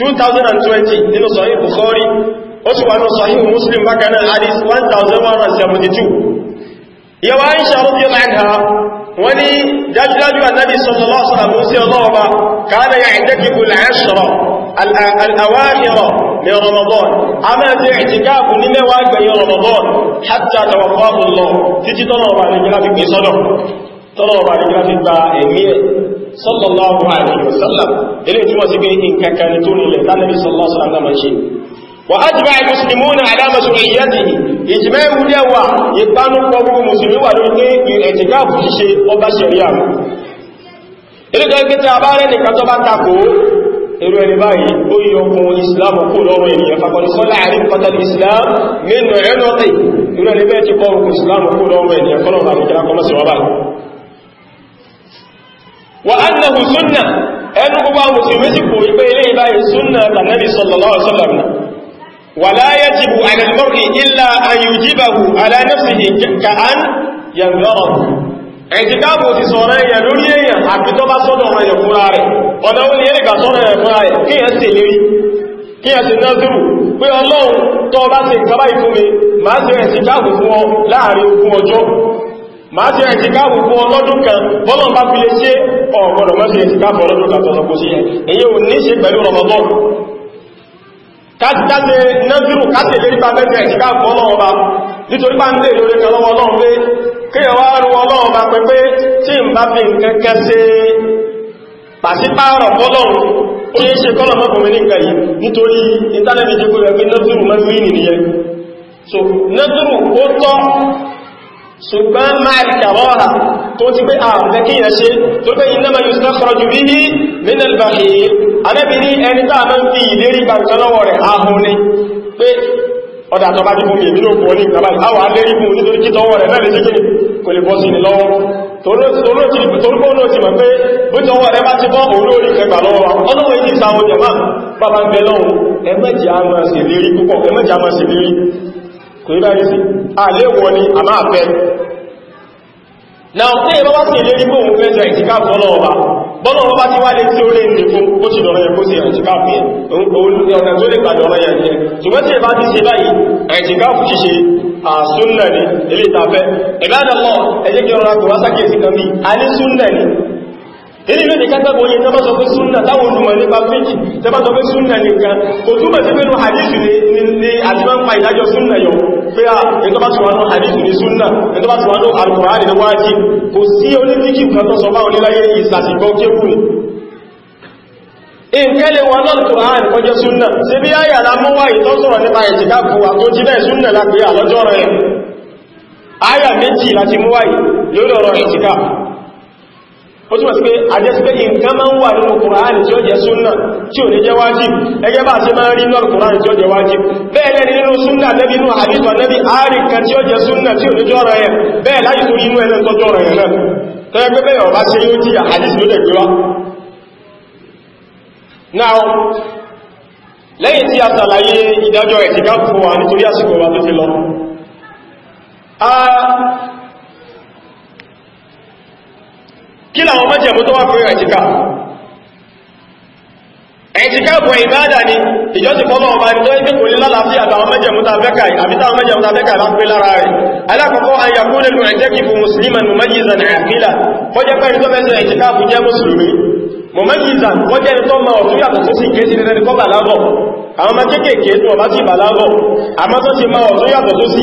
2020 nínú Sahih Bukhari ó sì wà ní Sahih Muslim bákaná hadith 1172 yàwó Aisha radiyallahu anha wọ́n ní dájúdájú annabi sallallahu alaihi wasallam sí ọlọ́ọba kana ya'takifu al ní Ramadan a máa ṣe ìtìkáàfù ní mẹ́wàá gbẹ̀yìn Ramadan hatta tawaffahu Allah títí tọ́nà ọba ní gíláfi pín sọ́dọ̀ tọ́nà ọba ní gíláfi gba ẹ̀mí ẹ̀ sallallahu alaihi wasallam ilé ìtumọ̀ sí pé nǹkan kan ní tó nílẹ̀ tánàbí sallallahu alaihi wasallam وأجمع المسلمون على مسؤوليته إجماع دوا يبانو قبو مسلمين ولوكي يعتقاب في شيء أو بشريان إذا كنت irú ẹni báyìí ó yí ọkùn islam kú lọ́rùn ènìyàn fàkọ̀lì sọ́lá àríkọtàlì islam nínú ẹ̀nọ́tì irú ẹni bẹ́ẹ̀ ti kọrùkù islam kú lọ́rùn ènìyàn kọlọ̀rùn àríkẹ́lá kọmọ́ sí wọ́n báyìí wa annahu sunna ẹnu gbogbo àwọn musulmi sì kò wípé ilé ìbáyìí sunna ẹ̀tìkáàbò ti sọ̀rọ̀ ẹ̀yẹ lórí èyàn àti tó bá sọ́dọ̀ ọ̀rọ̀ ẹ̀yẹ fúnra rẹ̀ ọ̀nà ó ní ẹ̀rìgbà sọ́rọ̀ ẹ̀yẹ fúnra rẹ̀ kí ẹ̀ sì lérí kí ẹ̀ sì nọ́dúrù pé ọlọ́run tó bá ṣe ìkọba ìfún mi máa ṣe ẹ̀tìkáàbò fún ọ láàrin ogún ọjọ́ máa ṣe ẹ̀tìkáàbò fún ọ lọ́dún kan bọ́lọ̀ bá fi lè ṣe ọ̀rọ̀ mọ́ sí ẹ̀tìkáàbò ọlọ́dún kan tọ́sọ kó sí ẹ̀ èyí ò ní ṣe pẹ̀lú rọmọdọ́ kásìkáṣe nọ́dúrù kásìlérí bá mẹ́fẹ̀ẹ́ ẹ̀tìkáàbò ọlọ́run bá nítorí bá ń lè lórí kan lọ́wọ́ ọlọ́run pé kíyàn wá rú ọlọ́run bá pẹ́ pé tí ń bá fi nǹkan kẹ́ sí pàṣípààrọ̀ bọ́lọ́run ó yẹ ṣe kọ́lọ̀ mọ́kùnrin ní yìí nítorí so nọ́dúrù ó tọ́ ṣùgbọ́n máa kàrọ́ra tó ti pé ààrẹ kí yẹ ṣe tó pé innama yustakhraju bihi min al-bahir anẹ́bí ní ẹni tàà mọ́ fi ọdá tọba ti fún mi nínú òkú ọlé ìgbàmà àwọn alẹ́ríkún nítorí kí tọwọ́ rẹ̀ lẹ́rẹ̀ síkè kò lè bọ́ sí ni lọ́wọ́ torúkọ́ náà ti mọ̀ pé bí tọwọ́ rẹ̀ bá ti bọ́ òun lórí kẹgbà lọ́wọ́ ọlọ́wọ́ ìdí ìsáwọn jẹ̀má bàbá ń bẹ lọ́wọ́ ẹmẹ́jì a máa sì lérí púpọ̀ ẹmẹ́jì a máa sì lérí kò ní bá rí sí àléwọ̀ ni àmáàfẹ́ na ọ̀pẹ́ ìbá bá sì lérí pé òun fẹ́sẹ̀ ìtìkáàfù ọlọ́ọ̀bá bọ́nà wọ́n bá ti wá lé tí ó lè ní fún ó ti lọ́rọ̀ ẹ̀kó sí ìtìkáàfù yẹn ọ̀nà tó lè gbàdọ̀ ọ̀rọ̀ yẹn ṣùgbọ́n tí ìbá ti ṣe báyìí ìtìkáàfù ṣíṣe àsúnnà ní ilé ìtafẹ́ ìbádọ́lọ́ ẹjẹ́ kí ọ̀rọ̀ àgbà wá sákèsí kan bí a ní súnnà ní ilé ìlú ìdíkátàbò yìí tẹ́bá sọ pé súnnà táwọn olùmọ̀ nípa fíjì tẹ́bá sọ pé súnnà nìkan kò túnbẹ̀ sí pẹ̀lú hadithu ní àjíwá ń pa ìdájọ́ súnnà yọ pé à ẹ̀tọ́bá ti wà ní hadithu ní súnnà ẹ̀tọ́bá ti wà ní alkùnrin ní wájí kò sí onífíjì kan tó sọ bá oníláyé ìsàsìgbọ́ kéwù ni ìkẹ́lẹ̀ wọn náà kùránì kọjọ́ súnnà sí bí áyà lámọ́wà ìtọ́sọ̀rọ̀ nípa ìtìká fúwa tó jí bẹ́ẹ̀ súnnà lápẹ́ àlọ́jọ́ rẹ̀ áyà méjì láti múwáyì lórí ọ̀rọ̀ ìtìká ó túnmọ̀ sí pé àjẹ́sípé nǹkan máa ń wà nínú kùránì tí ó jẹ́ súnnà tí ò ní jẹ́ wájib ẹgẹ́ bá ṣe máa rí lọ́rù kùránì tí ó jẹ́ wájib bẹ́ẹ̀ nínú súnnà lẹ́bí inú lẹ́bí àáríkà tí ó jẹ́ súnnà tí ò ní jọ́ ọ̀rọ̀ now lẹ́yìn tí a sàlàyé ìdájọ́ ẹ̀tìká fún májẹ̀mú tó wà fún ẹ̀tìká ẹ̀tìká ọ̀pọ̀ ìbádà ni ìjọsìn fọ́mọ̀ ọba ní tó ń kíkò ní lálàáfíà àtàwọn mẹ́jẹ̀mú ta bẹ́kà àbí táwọn mẹ́jẹ̀mú ta bẹ́kà bá pé lára rẹ̀ alákọ̀ọ́kọ́ ayàkú nínú ẹ̀jẹ́kìfù musulman mọ̀mẹ́jìzan àfílà kọjẹ́ pẹ́ni tó mẹ́sẹ̀ ẹ̀tìká fún jẹ́ musulmi mọ̀mẹ́jìzan kọjẹ́ ni tó ma ọ̀tún yàtọ̀ tó sì kéèsì rẹ̀ kọ́ bàlágọ̀ àwọn ọmọ kéèkéèké tó ọba sí bàlágọ̀ àmọ́ tó ti ma ọ̀tún yàtọ̀ tó sì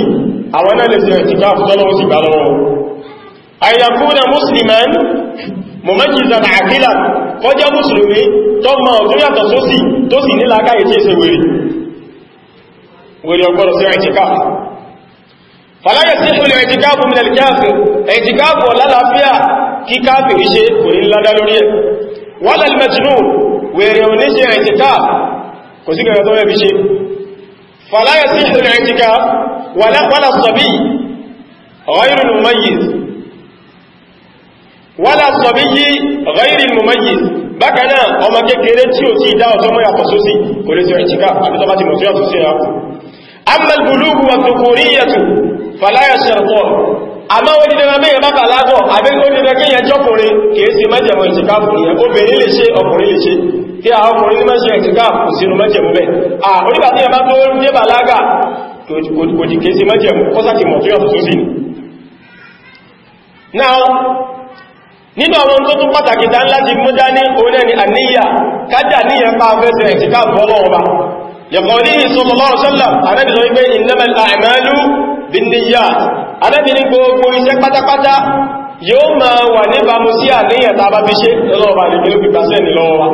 àwọn náà lè sí ẹ̀tìká fún tọ́lọ́wọ́ sí bàlọ́wọ́ ayàkú na musulman mọ̀mọ́jìzà àkílà kọjá mùsùlùmí tó mọ̀ tó yàtọ̀ sósì tó sì ní lágáyé tí ṣe wèrè wèrè ọgbọ̀rọ̀ sí ẹ̀tìkáfù fàláyẹ̀ sí ìlú ẹ̀tìkáfù mílẹ̀ káfù ẹ̀tìkáfù ọ̀lálàáfíà kí káfù ríṣe kò ní ládá lórí ẹ̀ wọ́lẹ̀ mẹ́jìnú wèrè oníṣẹ́ ẹ̀tìkáfù kò sí gẹ̀rẹ̀ tó mẹ́bí ṣe fàláyẹ̀ sí ìlú ẹ̀tìkáfù wọ́lẹ̀ sọ̀bí ọ̀rọ̀ ìrìnlùmọ́yìí wala sabiyyi ghayri mumayyiz bákaná ọmọ kékeré tí ò tí ìdá ọ̀tọ́ mọ́ yàtọ̀ sósì kò lè sọ ìtíká àbútọ́ bá ti mọ̀ sí ọ̀tọ̀ sí ẹ̀rọ amma al-bulughu wa dhukuriyatu fala yashtarṭun àmá ó dídára mẹ́rin bá bàlágọ̀ àbẹ́ ó dídára kí ìyẹn jọkùnrin kìí sí mẹ́jẹ̀mọ̀ ìtìkáàfù ìyẹn obìnrin lè ṣe ọkùnrin lè ṣe tí a ọkùnrin ní mẹ́ṣẹ̀ ìtìkáàfù sínú mẹ́jẹ̀mọ̀ bẹ́ à onígbàtí ẹ̀bá tó dé bàlágà kò jì kìí sí mẹ́jẹ̀mọ̀ kọ́sàkì mọ̀ tó yàtọ̀ tó sí nínú àwọn tó tún pàtàkì dá láti mú dání orílẹ̀-èdè àníyà kájà ní ẹ̀pá fẹ́sẹ̀ ẹ̀sìká bọ́lọ́ọ̀bá yẹ̀kọ̀ọ́lì sallallahu alaihi wasallam Ànábì sọ wípé innamal a'malu binniyat Ànábì ní gbogbo iṣẹ́ pátápátá yóò máa wà níbàmú sí àníyàn tàbá fi ṣe lọ́wọ́bà lè gbé gbàṣẹ́ ní lọ́wọ́bà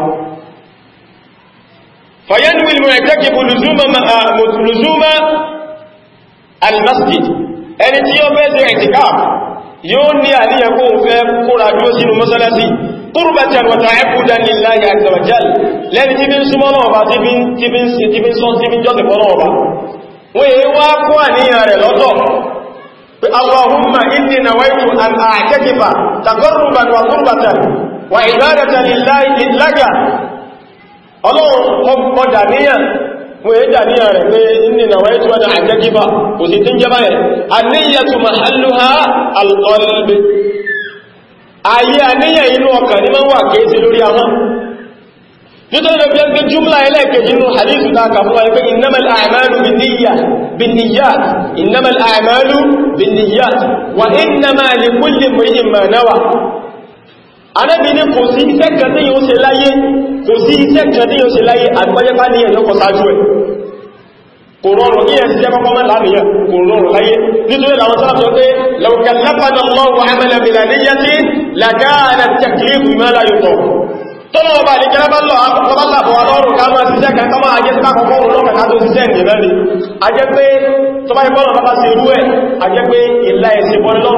ẹni tí ó fẹ́ sí ẹ̀sìká yóò ní àríyàn kó fẹ́ kóra dúró sínú mọ́sálásí qurbatan wa ta'abbudan lillahi azza wa jalla lẹ́ni tí bí ń súnmọ́ náà bá tí bí ń sí tí bí ń sọ́ tí bí ń jọ́ tẹ̀kọ́ náà bá wọ́n èé wá kó àníyàn rẹ̀ lọ́tọ̀ Allahumma inni nawaitu wọ́n yẹ́ dàníyàn rẹ̀ pé inni na wáyé tí wọ́n na àjẹ́gíbà kò sí tí ń jẹ́ báyẹ̀ àníyàtù mahalluha alqalbi ayé àníyàn inú ọkàn ní máa wà kéèsì lórí àwọn nítorí Ànábì ní kò sí iṣẹ́ kan tí yóò ṣe láyé kò sí iṣẹ́ kan tí yóò ṣe láyé àgbọ́jẹ́pá ní ẹ̀lọ́kọ̀ sáájú ẹ̀ kò rọrùn ní ẹ̀sì jẹ́ kọ́kọ́ mẹ́lá nìyàn kò rọrùn láyé nítorí àwọn sára tọ́nà ọba ìdíkẹ́lẹ́ bá lọ àpọ̀lọ́pọ̀ alọ́rùn ká máa ṣiṣẹ́ kan kọ́ máa jẹ́ sí kákọ̀ọ́kọ́ òun lọ́pẹ̀ látó ṣiṣẹ́ ìrìnlẹ́ ni a jẹ́ pé tó bá ìbọ́nà bá bá ṣe rú ẹ̀ a ní kàmẹ́ ni tó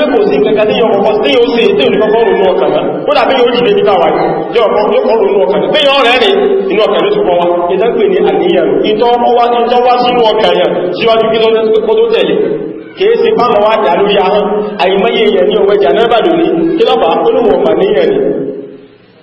lè kò sí kankan tí yóò kọ́kọ́ sí yóò sí tí òun kọ́kọ́ òun ọkàn mọ́ ó dàbí yóò jìde nígbà wáyé yóò kọ́ òun ọkàn pé yóò rẹ̀ rẹ̀ inú ọkàn ló sùpọ̀ wá ìdá pè ní àníyàn ìtọ́ wá ìtọ́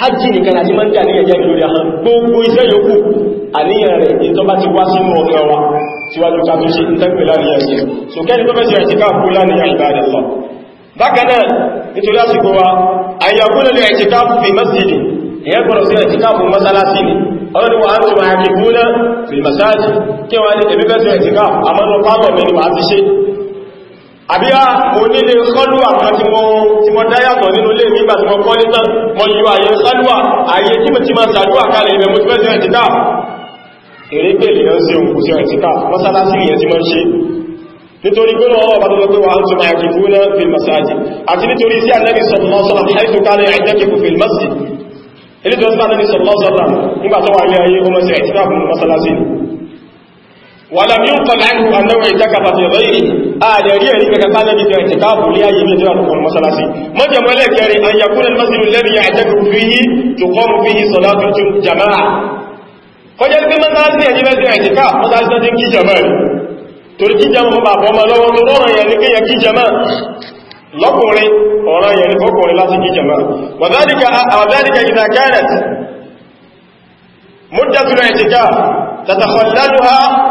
hajji nìkan àti máa ń dà ní ẹjẹ́ ìlú ìyàmọ́ gbogbo iṣẹ́ yòókù àníyàn rẹ̀ ní tó bá ti wá sínú ọ̀gá wa síwájú ká tó ṣe ìtẹ́gbẹ̀ láàrin ẹ̀ṣẹ́ so kẹ́ni tó fẹ́ sí ẹ̀ṣẹ́ káàkó láàrin àìbáadẹ̀lọ́ bákan náà nítorí àsìkò wa àyàkúnlẹ̀ ẹ̀ṣẹ́ ni ọlọ́dún wa ń tún àyàkì kúnlẹ̀ fi masáàjì kí wọ́n ní ẹ̀mí fẹ́ àbíyá onílé sọ́lúwà kan tí wọ́n dáyàtọ̀ nínú ilé nígbà tí wọ́n kọ́ ní tán mọ́ yíò àyè sọ́lúwà àyè tí mo ti máa sàdúwà kalẹ̀ ilẹ̀ mo ti mẹ́sẹ̀ ẹ̀tìká èrègbè lè yán sí òkú sí ẹ̀tìká mọ́sálásí lè yẹn ti mọ́ ṣe nítorí gbọ́nà ọwọ́ bá tọ́jọ́ pé wà ń tún máa kìfú náà fi masáàjì àti nítorí sí ànẹ́bì sọ̀rọ̀mọ́sọ̀rọ̀ àìsù kálẹ̀ ẹ̀jẹ́kìfú fi masjid ilé tó ń bá ànẹ́bì sọ̀rọ̀mọ́sọ̀rọ̀ nígbàtọ́wà ilé ayé ọmọ ولم ينقل عنه أنه اعتكف في غيره آل يريد كتان بك اعتكاف لأي مدير المسلس ما جمال أن يكون المسجد الذي يعتكف فيه تقام فيه صلاة الجماعة kọjá pé mọ́sálásí ẹ̀yí lẹ́sẹ̀ ẹ̀jìká mọ́sálásí tí ń kí jẹmọ́ rí torí kí jẹmọ́ bá bọ́ mọ́ lọ́wọ́ tó rọrùn yẹn ní kíyàn kí jẹmọ́ lọ́kùnrin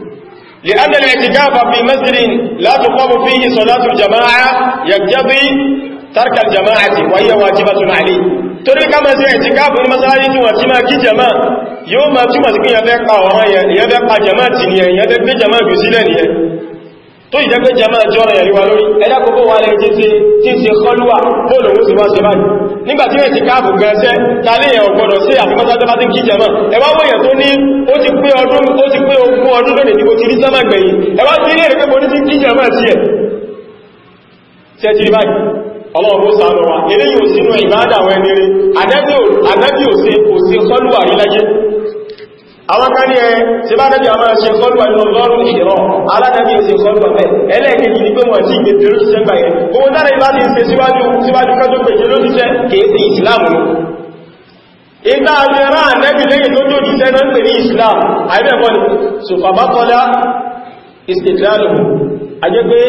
لأن الاعتكاف في مسجد لا تقام فيه صلاة الجماعة يقتضي ترك الجماعة وهي واجبة عليه torí ká máa sí ẹ̀tìkáàfù ní masáyí tí wọ́n tí máa kí jẹma yóò máa túnmà sí pé yẹn fẹ́ pa ọ̀rán yẹn fẹ́ pa jẹma tì ní ẹ̀yẹn fẹ́ gbé jẹma jù sílẹ̀ nìyẹn tó ìjẹ́ pé jẹ máa jọ́rọ̀ ẹ̀ríwá lórí ẹ̀dàkùnkùn wà lẹ́yìn tí ń ṣe kọlúwà bóòlù òun sì wá ṣe báyìí nígbàtí rẹ̀ ti káàbù gẹ̀ẹ́sẹ́ tàléyàn ọ̀gbọ̀dọ̀ sí àfikọ́sájọ́bá tí ń kí jẹ máa ẹwà wọ́yẹ̀ tó ní ó ti pé ọdún lónìí ní kò ti rí sẹ́mà gbẹ̀yìn ẹwà tí ilé rẹ̀ pé mo ní ti kí jẹ máa sí ẹ̀ tẹ́tì báyìí ọlọ́ọ̀bó sàánà wa eléyìí ò sínú ìbáadà àwọn ẹni rí àdẹ́bí ò sí kò sí kọlúwà rí láyé àwọn kárí ẹ tí bá dájú àwọn ṣe kọlùwà nínú lọ́rùn ìṣẹ̀rọ aládàbí ṣe kọlùwà mẹ́ ẹlẹ́ẹ̀kejì ní pé wọ́n tí ìgbè tí olóṣìṣẹ́ gbà yẹn gbogbo dára ìbá ti ṣe síwájú síwájú kọjú pé tí olóṣìṣẹ́ kìí sí ìsìláàmù ìta àjẹ́rá ànẹ́bì lẹ́yìn tó tó jùsẹ́ náà ń pè ní islam àìbẹ̀kọ́lù so bàbá kọlá ìsìtìláàlù ajẹ́ pé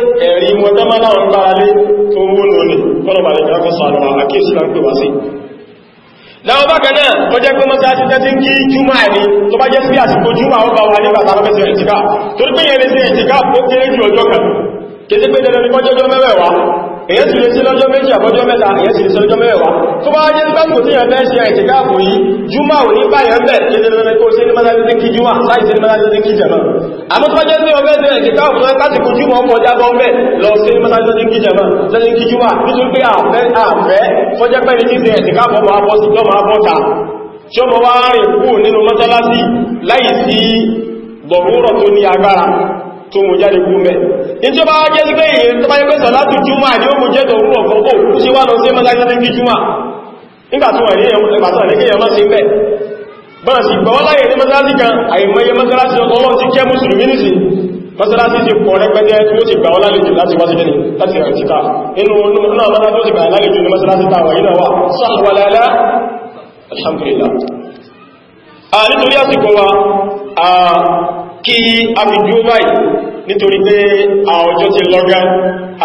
láwọn bákan náà tó jẹ́ pé mọ́sáàtí tẹ́ tí ń kí júmọ́ ẹni tó bá jẹ́ sí àsìkò júmọ́ àwọn bá wà ní bàtà lọ́pẹ́sẹ̀ ìtìká torí pé yẹn lè sí ìtìká ó kéré jù ọjọ́ kan kèsí pé dandan ní kọjọ́jọ́ mẹ́wẹ̀wàá èyẹ́ sì lè sí lọ́jọ́ méjì àbọ́jọ́ mẹ́ta èyẹ́ sì lè sí lọ́jọ́ mẹ́wàá tó bá jẹ́ gbáǹkò tí yẹn fẹ́ ṣe àìtìkáàkù yìí júmà ò ní báyẹ̀ ń bẹ̀ jẹ́jẹ́rẹ́ kó sí ní mọ́lájú tí kí júmà láì sí ní mọ́lájú tí kí jẹ̀mọ́ àmọ́ tó tó ní agbára tó mú jáde kú mẹ́. in tó bá wá jẹ́ sí pé èyí tó bá yẹ pé sàlátù júmà ní ó mú jẹ́ tó wúwọ̀ fún ó ṣe wá lọ sí mọ́sájẹ́ kí júmà nígbà tó wà ní ẹ̀mọ́sàn ní kíyàmọ́ sí mẹ́ bọ́n sì gbọ́ láyé ní mọ́sálásí kan àìmọye mọ́sálásí ọlọ́run ti kẹ́ mùsùlùmí nìsí mọ́sálásí ti pọ̀ rẹpẹtẹ tí ó sì gbà wọ́n lálejò láti wá sí gẹ́ni láti rẹ̀ títà inú náà mọ́lá tó sì gbà lálejò ní mọ́sálásí tàwà yìí náà wà sáàwàlálá alhamdulillah kí a fi dúó báyìí nítorí pé àwọn ọjọ́ ti lọ́gá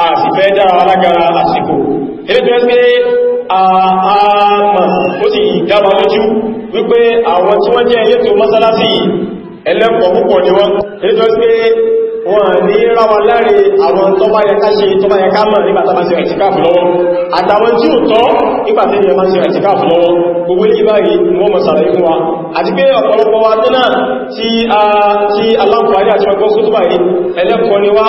a sì fẹ́ dára alágara àsìkò ẹgbẹ́ pé àmà ó sì dábà lójú wípé àwọn tí wọ́n jẹ́ elétò mọ́sálásí ẹlẹ́pọ̀ púpọ̀ ni wọ́n ẹgbẹ́ pé wọ́n ní gbogbo èyí báyìí wọ́n mọ̀ sàrẹ̀ fún wa àti pé ọ̀pọ̀lọpọ̀ wa tó náà tí a tí aláǹfààní àti ọgbọ́n sútúbà yìí ẹlẹ́kọ́ ni wá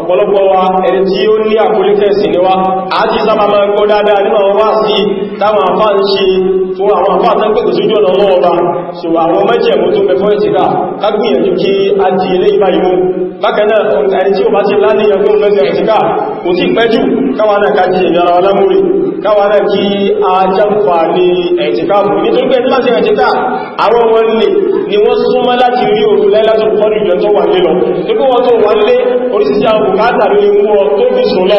ọ̀pọ̀lọpọ̀ wa ẹni tí ó ní àpolítẹ̀sì ni wá àti sábà máa ń kọ́ dáadáa nínú àwọn wá sí táwọn àfá ń ṣe fún àwọn àfá tán pẹ̀lú sójú ọ̀nà ọlọ́wọ́ bá so àwọn mẹ́jẹ̀mú tó mẹ́fọ́ ìtìká kágbìyànjú kí a di ilé ìbáyìí mú bákan náà ẹni ìtìkáàbù nítorí pé ẹ̀tí máa ṣe ìtìkáàbù àwọn wọn lè ni wọ́n súnmọ́ láti rí òru láìláṣọ́ pọ̀lú ìjọ tó wà nílọ nígbó wọn tó wà lé orísìí àwọn bùkátà lórí mú ọ tó fi sùn lọ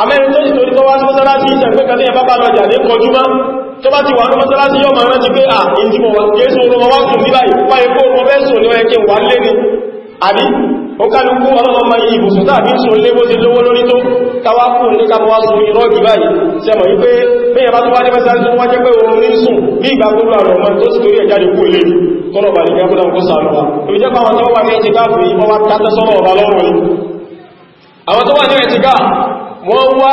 àmẹ́rin tó sì torí tó wá sí mọ́sálásí ìṣẹ̀gbẹ́ kan ní ẹ̀bábá lọ jà ní kọjúmá tó bá ti wà ní mọ́sálásí yọ́ máa rántí pé à ìdímọ̀ jésù orúmọ wá sùn níbàyí fáyé kó orúmọ fẹ́ sùn ní ọyẹ́kẹ́ wà lé ní àbí ó kálukú ọlọ́lọ́mọ ìbùsùn tàbí tí ó lébó ti lówó lórí tó tàwákù ní kàbọ̀wá sọ ìrọ́gì báyìí tí a mọ̀ wípé bẹ́yàn bá tó wá ní mẹ́sàn-án tó wájẹ́ pé oòrùn ní sùn bí ìgbà gbogbo àwọn ọmọ tó sì torí ẹ̀jáde kú ilé tọ́lọ̀bà lè gẹ́gbọ́dá ń kó sàrùwá ìjọba àwọn tó wà ní ẹ̀tìká fi wọ́n wá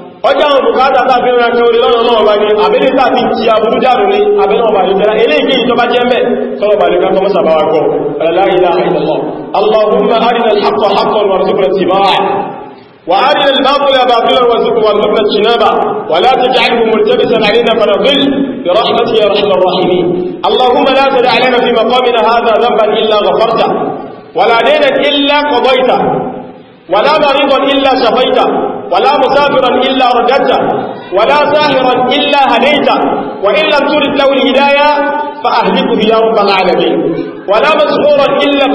ọjọ́ àwọn bukata tàbí ìrìnà kan orí lọ́nà náà bá ní àbílẹ̀ tàbí kí a burú jàrù ní àbẹ́nà ọba ìjọra eléyìí ìjọba jẹ́ mẹ́ tọ́lọ̀ bá lẹ́gbẹ́ kọmọ́ sàbáwà kọ ولا دينا الا شفيته ولا مسافرا إلا رددته ولا ساهرا إلا هديت وإن لم ترد له الهداية فأهلكه يا رب العالمين ولا مسحورا إلا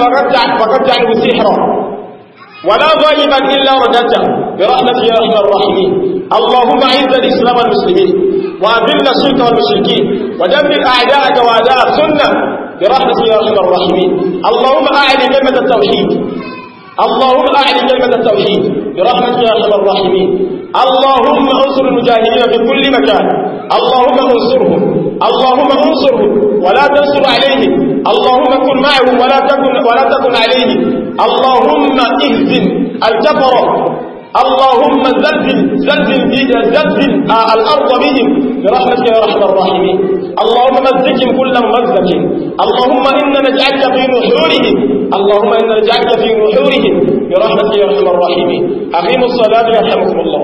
فقدت عنه سحرا ولا ظالما إلا رددته برحمتك يا أرحم الراحمين اللهم أعز الإسلام والمسلمين وأذل الشرك والمشركين ودمر أعداءك وأعداء السنة برحمتك يا أرحم الراحمين اللهم أعد كلمة التوحيد اللهم اعز كلمة التوحيد برحمتك يا أرحم الراحمين اللهم انصر المجاهدين في كل مكان اللهم انصرهم اللهم انصرهم ولا تنصر عليهم اللهم كن معهم ولا تكن ولا تكن عليهم اللهم اهزم الكفر اللهم زلزل زلزل زلزل آه، الأرض بهم برحمتك يا أرحم الراحمين اللهم مزقهم كل ممزق اللهم إنا نجعلك في نحورهم اللهم إنا نجعلك في نحورهم برحمتك يا أرحم الراحمين أقيموا الصلاة يرحمكم الله